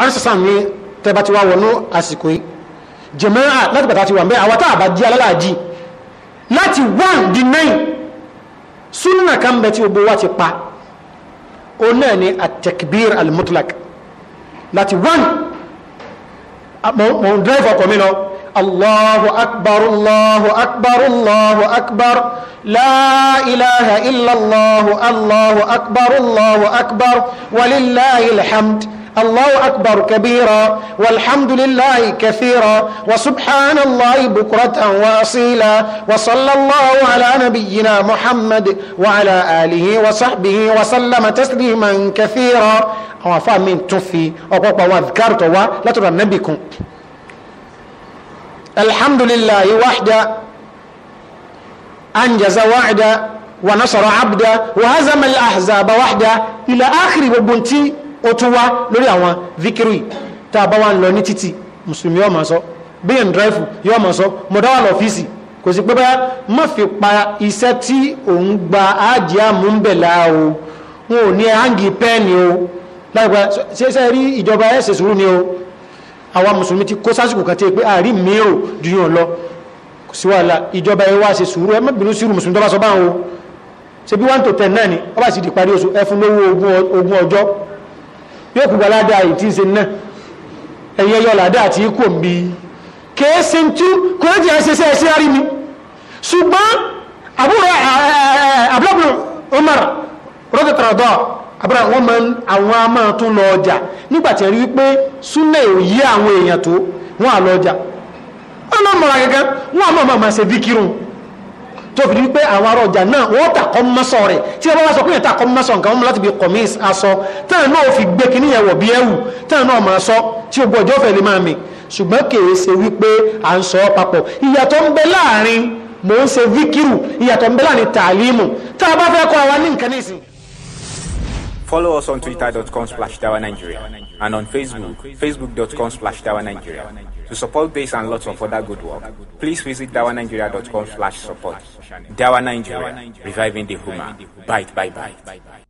arísàsà ní tẹba ti wá wọnú àsìkò yìí jẹmẹ́rà láti bàtà ti wà mẹ́ àwọn tàà bá jí alálàájì láti 1 di 9 súnà kan bẹ tí gbogbo wa ti pa ó náà ni atakbir almutlak láti 1 mọ̀ ń drive ọkọ̀ mi lọ الله أكبر الله أكبر الله أكبر لا إله إلا الله الله أكبر الله أكبر ولله الحمد الله أكبر كبيرا والحمد لله كثيرا وسبحان الله بكرة وأصيلا وصلى الله على نبينا محمد وعلى آله وصحبه وسلم تسليما كثيرا وفا من تفي وقوة واذكرت لا ترى نبيكم الحمد لله وحده أنجز وعده ونصر عبده وهزم الأحزاب وحده إلى آخر وبنتي أتوا lórí àwọn ذكري tá a bá wà ń lọ ní títì mùsùlùmí yóò máa sọ bíyàn dráìfù yóò máa sọ mọ̀dáwà lọ́fíìsì kò sí pé bá má fi pa iṣẹ́ tí òun gba áàjì àmúńbẹ̀lá o wọn ò ní áńgì pẹ́ẹ̀nì o láìpẹ́ ṣe rí ìjọba ẹ̀ṣẹ̀ sùúrù ni o àwa mùsùlùmí ti kó sásìkò kan tí pé àrí mìíràn ju yóò lọ kò sí wàhálà ìjọba ẹ wá ṣe sùúrù ẹ má sírù mùsùlùmí tó bá sọ bá wọn ṣe bí one to ten náà ni ọba sì di parí oṣù ẹ fún lówó ogún ọjọ́ yóò kú gbàládà yìí tí ń ṣe náà ẹ̀yẹ yọ làdá àti ikú òmbi kèése tú kò ní jẹ́ ṣe ṣe rí mi ṣùgbọ́n àbúrò Abdullah ibn Umar àbúrò àwọn ọmọ àwọn a máa tún lọ ọjà nígbàtí rí wípé súnlẹ̀ ò yí àwọn èèyàn tó wọ́n à lọ ọjà wọ́n lọ mọ̀ra gẹ́gẹ́ wọ́n àmọ́ ọmọ àmàṣe bí kírun tó fi wípé àwọn ará ọjà náà wọ́n tàkọ́ mọ́sọ̀ rẹ̀ tí ẹ bá wá sọ pé tàkọ́ mọ́sọ̀ nǹkan wọn láti bí kọ̀mís aṣọ táà náà fi gbé kíní yẹn wọ̀ bí ẹ̀wù táà náà máa sọ tí o gbọ́dọ̀ fẹ́ lè máa mì ṣùgbọ́n kèé ṣe wípé à ń sọ ọ́ papọ̀ ìyàtọ̀ ń bẹ láàrin mò ń ṣe víkìrù ìyàtọ̀ ń bẹ láàrin tàlímù tá a bá fẹ́ kọ́ àwa ní nǹkan nísìnyí Follow us on twitter.com slash Tower Nigeria and on Facebook, facebook.com slash Tower Nigeria. To support this and lots of other good work, please visit dawanigeria.com slash support. Dawa Nigeria, reviving the human. Bye, bye, bye.